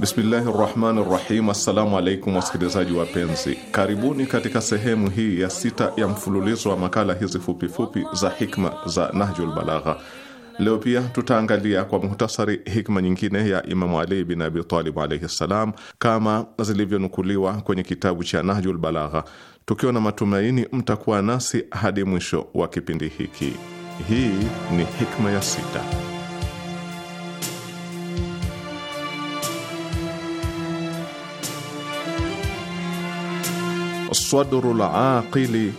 Bismillahi rahmani rahim. Assalamu alaikum wasikilizaji wapenzi, karibuni katika sehemu hii ya sita ya mfululizo wa makala hizi fupifupi fupi za hikma za Nahjul Balagha. Leo pia tutaangalia kwa muhtasari hikma nyingine ya Imamu Ali bin Abi Talib alaihi ssalam, kama zilivyonukuliwa kwenye kitabu cha Nahjul Balagha, tukiwa na matumaini mtakuwa nasi hadi mwisho wa kipindi hiki. Hii ni hikma ya sita. sadru laqili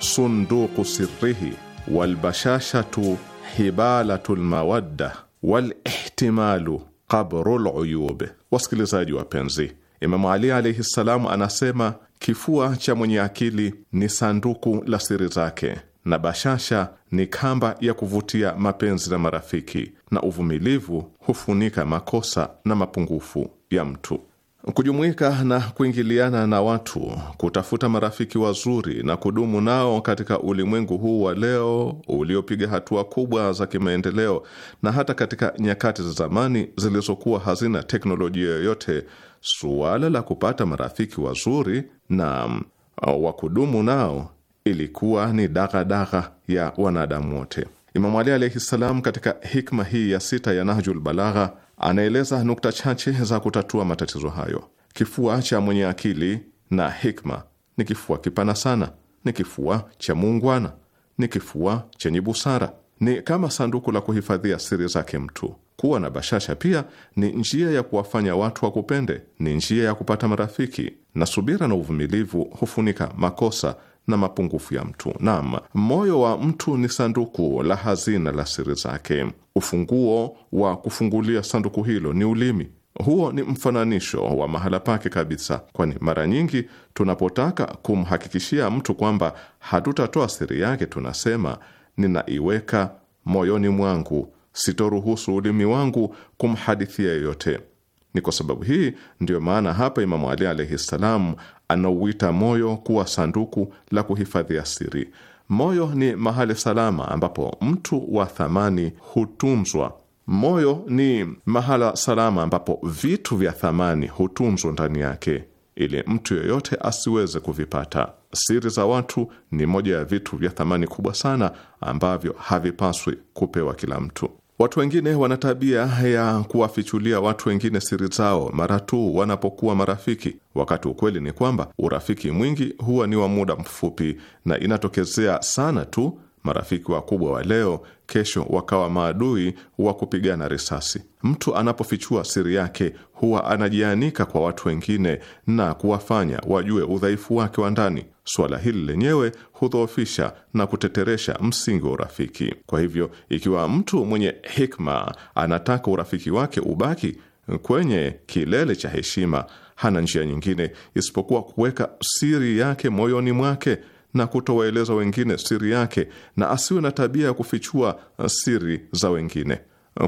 sunduqu sirrihi walbashashatu hibalatu lmawadda walihtimalu qabru luyub. Wasikilizaji wapenzi, Imamu Ali alaihi ssalam anasema kifua cha mwenye akili ni sanduku la siri zake na bashasha ni kamba ya kuvutia mapenzi na marafiki, na uvumilivu hufunika makosa na mapungufu ya mtu. Kujumuika na kuingiliana na watu, kutafuta marafiki wazuri na kudumu nao katika ulimwengu huu wa leo uliopiga hatua kubwa za kimaendeleo, na hata katika nyakati za zamani zilizokuwa hazina teknolojia yoyote, suala la kupata marafiki wazuri na uh, wa kudumu nao ilikuwa ni dagadaga ya wanadamu wote. Imamu Ali alaihi ssalam, katika hikma hii ya sita ya Nahjul Balagha anaeleza nukta chache za kutatua matatizo hayo. Kifua cha mwenye akili na hikma ni kifua kipana sana, ni kifua cha muungwana, ni kifua chenye busara, ni kama sanduku la kuhifadhia siri zake mtu. Kuwa na bashasha pia ni njia ya kuwafanya watu wakupende, ni njia ya kupata marafiki, na subira na uvumilivu hufunika makosa na mapungufu ya mtu. Naam, moyo wa mtu ni sanduku la hazina la siri zake. Ufunguo wa kufungulia sanduku hilo ni ulimi. Huo ni mfananisho wa mahala pake kabisa, kwani mara nyingi tunapotaka kumhakikishia mtu kwamba hatutatoa siri yake, tunasema ninaiweka moyoni mwangu, sitoruhusu ulimi wangu kumhadithia yeyote. Ni kwa sababu hii ndiyo maana hapa Imamu Ali alaihi ssalam anauita moyo kuwa sanduku la kuhifadhia siri. Moyo ni mahali salama ambapo mtu wa thamani hutunzwa. Moyo ni mahala salama ambapo vitu vya thamani hutunzwa ndani yake ili mtu yoyote asiweze kuvipata. Siri za watu ni moja ya vitu vya thamani kubwa sana ambavyo havipaswi kupewa kila mtu. Watu wengine wana tabia ya kuwafichulia watu wengine siri zao mara tu wanapokuwa marafiki, wakati ukweli ni kwamba urafiki mwingi huwa ni wa muda mfupi na inatokezea sana tu Marafiki wakubwa wa leo kesho wakawa maadui wa kupigana risasi. Mtu anapofichua siri yake huwa anajianika kwa watu wengine na kuwafanya wajue udhaifu wake wa ndani. Suala hili lenyewe hudhoofisha na kuteteresha msingi wa urafiki. Kwa hivyo, ikiwa mtu mwenye hikma anataka urafiki wake ubaki kwenye kilele cha heshima, hana njia nyingine isipokuwa kuweka siri yake moyoni mwake na kutowaeleza wengine siri yake na asiwe na tabia ya kufichua uh, siri za wengine.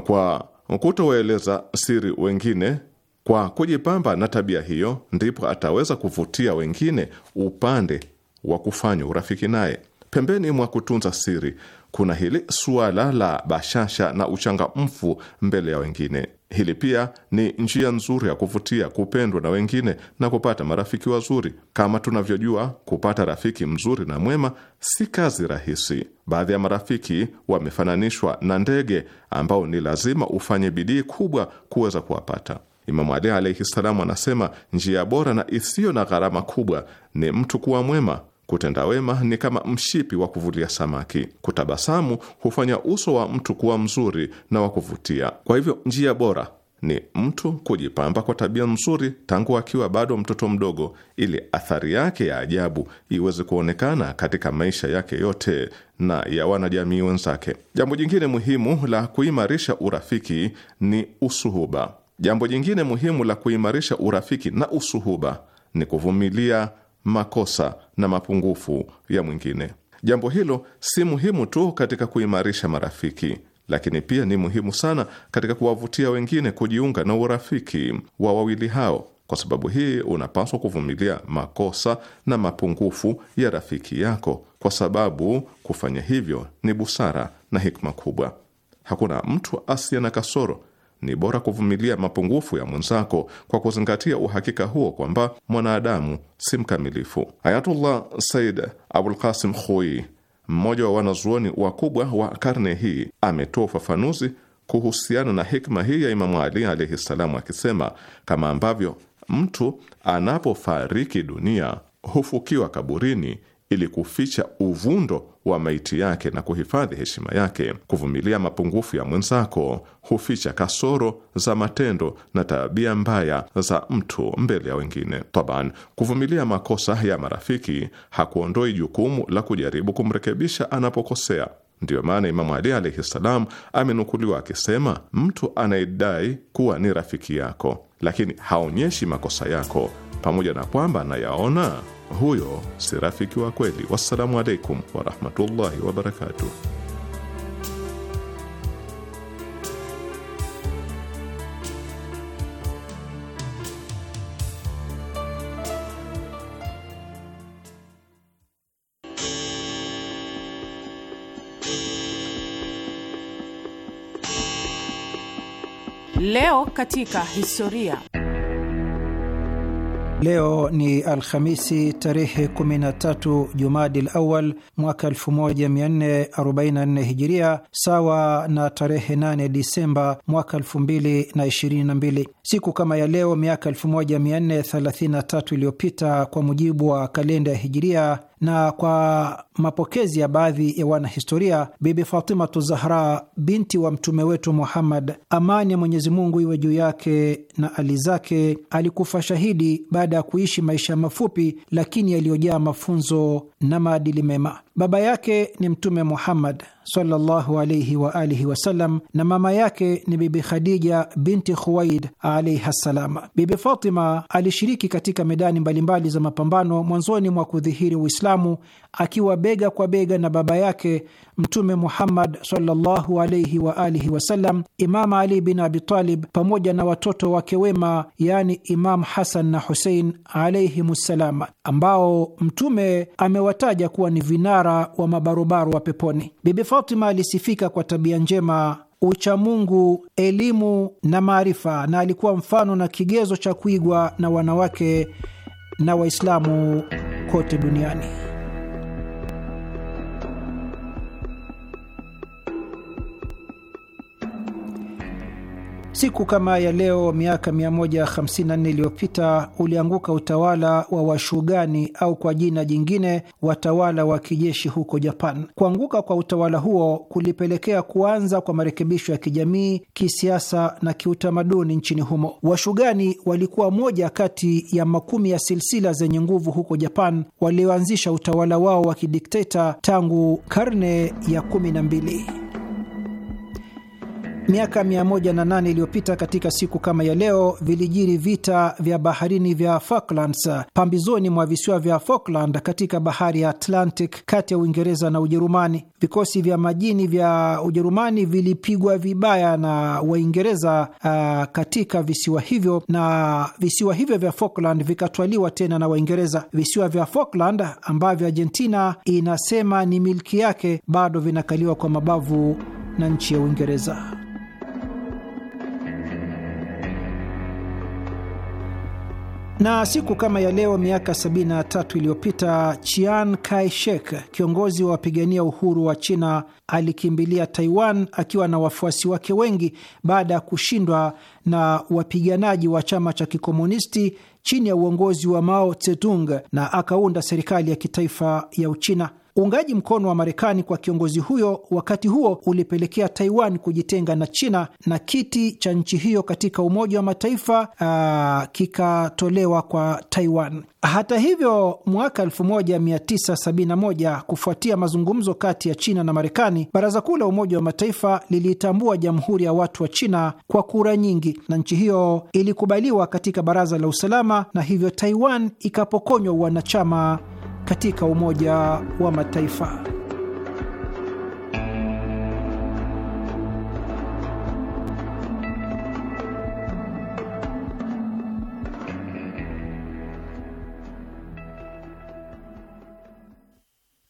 Kwa kutowaeleza siri wengine, kwa kujipamba na tabia hiyo, ndipo ataweza kuvutia wengine upande wa kufanya urafiki naye. Pembeni mwa kutunza siri kuna hili suala la bashasha na uchangamfu mbele ya wengine. Hili pia ni njia nzuri ya kuvutia kupendwa na wengine na kupata marafiki wazuri. Kama tunavyojua, kupata rafiki mzuri na mwema si kazi rahisi. Baadhi ya marafiki wamefananishwa na ndege ambao ni lazima ufanye bidii kubwa kuweza kuwapata. Imamu Ali alaihi salamu anasema, njia bora na isiyo na gharama kubwa ni mtu kuwa mwema Kutenda wema ni kama mshipi wa kuvulia samaki. Kutabasamu hufanya uso wa mtu kuwa mzuri na wa kuvutia. Kwa hivyo, njia bora ni mtu kujipamba kwa tabia nzuri tangu akiwa bado mtoto mdogo, ili athari yake ya ajabu iweze kuonekana katika maisha yake yote na ya wanajamii wenzake. Jambo jingine muhimu la kuimarisha urafiki ni usuhuba. Jambo jingine muhimu la kuimarisha urafiki na usuhuba ni kuvumilia makosa na mapungufu ya mwingine. Jambo hilo si muhimu tu katika kuimarisha marafiki, lakini pia ni muhimu sana katika kuwavutia wengine kujiunga na urafiki wa wawili hao. Kwa sababu hii, unapaswa kuvumilia makosa na mapungufu ya rafiki yako, kwa sababu kufanya hivyo ni busara na hikma kubwa. Hakuna mtu asiye na kasoro ni bora kuvumilia mapungufu ya mwenzako kwa kuzingatia uhakika huo kwamba mwanadamu si mkamilifu. Ayatullah Said Abul Qasim Khoi, mmoja wa wanazuoni wakubwa wa karne hii, ametoa ufafanuzi kuhusiana na hikma hii ya Imamu Ali alaihi ssalamu, akisema kama ambavyo mtu anapofariki dunia hufukiwa kaburini ili kuficha uvundo wa maiti yake na kuhifadhi heshima yake. Kuvumilia mapungufu ya mwenzako huficha kasoro za matendo na tabia mbaya za mtu mbele ya wengine. Taban, kuvumilia makosa ya marafiki hakuondoi jukumu la kujaribu kumrekebisha anapokosea. Ndiyo maana Imamu Ali alaihi ssalam amenukuliwa akisema, mtu anayedai kuwa ni rafiki yako lakini haonyeshi makosa yako pamoja na kwamba anayaona huyo si rafiki wa kweli. Wassalamu alaikum warahmatullahi wabarakatuh. Leo katika historia Leo ni Alhamisi tarehe 13 Jumadil Awal mwaka 1444 Hijiria, sawa na tarehe 8 Disemba mwaka 2022. Siku kama ya leo miaka 1433 iliyopita, kwa mujibu wa kalenda ya Hijiria na kwa mapokezi ya baadhi ya wanahistoria, Bibi Fatimatu Zahra binti wa mtume wetu Muhammad, amani ya Mwenyezi Mungu iwe juu yake na ali zake, alikufa shahidi baada ya kuishi maisha mafupi lakini yaliyojaa mafunzo na maadili mema. Baba yake ni Mtume Muhammad sallallahu wa alihi wasallam, na mama yake ni Bibi Khadija binti Khuwaid alaiha ssalam. Bibi Fatima alishiriki katika medani mbalimbali za mapambano mwanzoni mwa kudhihiri Uislamu akiwa bega kwa bega na baba yake Mtume Muhammad sallallahu alaihi wa alihi wasallam, Imam Ali bin Abitalib pamoja na watoto wake wema, yani Imam Hasan na Husein ssalam, ambao Mtume amewataja kuwa ni vinara wa mabarobaro wa peponi. Bibi Fatima alisifika kwa tabia njema uchamungu, elimu na maarifa, na alikuwa mfano na kigezo cha kuigwa na wanawake na Waislamu kote duniani. Siku kama ya leo miaka 154 iliyopita ulianguka utawala wa Washugani au kwa jina jingine watawala wa kijeshi huko Japan. Kuanguka kwa utawala huo kulipelekea kuanza kwa marekebisho ya kijamii, kisiasa na kiutamaduni nchini humo. Washugani walikuwa moja kati ya makumi ya silsila zenye nguvu huko Japan walioanzisha utawala wao wa kidikteta tangu karne ya 12. Miaka 108 iliyopita katika siku kama ya leo vilijiri vita vya baharini vya Falklands pambizoni mwa visiwa vya Falkland katika bahari ya Atlantic kati ya Uingereza na Ujerumani. Vikosi vya majini vya Ujerumani vilipigwa vibaya na Waingereza uh, katika visiwa hivyo na visiwa hivyo vya Falkland vikatwaliwa tena na Waingereza. Visiwa vya Falkland ambavyo Argentina inasema ni milki yake bado vinakaliwa kwa mabavu na nchi ya Uingereza. Na siku kama ya leo miaka 73 iliyopita chian Kai-shek, kiongozi wa wapigania uhuru wa China, alikimbilia Taiwan akiwa na wafuasi wake wengi baada ya kushindwa na wapiganaji wa chama cha kikomunisti chini ya uongozi wa Mao Zedong na akaunda serikali ya kitaifa ya Uchina. Uungaji mkono wa Marekani kwa kiongozi huyo wakati huo ulipelekea Taiwan kujitenga na China na kiti cha nchi hiyo katika Umoja wa Mataifa uh, kikatolewa kwa Taiwan. Hata hivyo, mwaka 1971 kufuatia mazungumzo kati ya China na Marekani, Baraza Kuu la Umoja wa Mataifa liliitambua Jamhuri ya Watu wa China kwa kura nyingi, na nchi hiyo ilikubaliwa katika Baraza la Usalama na hivyo Taiwan ikapokonywa wanachama katika Umoja wa Mataifa.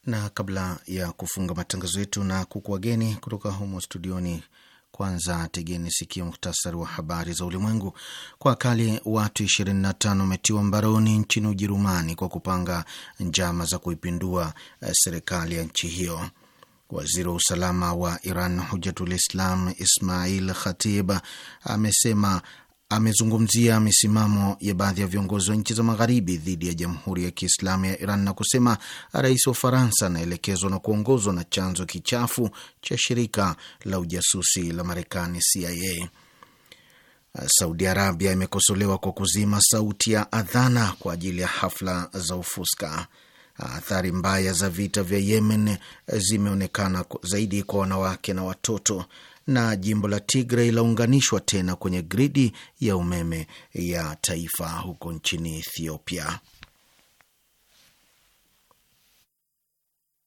na kabla ya kufunga matangazo yetu na kukuwageni kutoka humo studioni kwanza tegeni sikio muhtasari wa habari za ulimwengu. Kwa akali watu 25 wametiwa mbaroni nchini Ujerumani kwa kupanga njama za kuipindua eh, serikali ya nchi hiyo. Waziri wa usalama wa Iran Hujatul Islam Ismail Khatiba amesema amezungumzia misimamo ya baadhi ya viongozi wa nchi za magharibi dhidi ya Jamhuri ya Kiislamu ya Iran na kusema rais wa ufaransa anaelekezwa na kuongozwa na chanzo kichafu cha shirika la ujasusi la Marekani CIA. Saudi Arabia imekosolewa kwa kuzima sauti ya adhana kwa ajili ya hafla za ufuska. Athari mbaya za vita vya Yemen zimeonekana zaidi kwa wanawake na watoto na jimbo la Tigray launganishwa tena kwenye gridi ya umeme ya taifa huko nchini Ethiopia.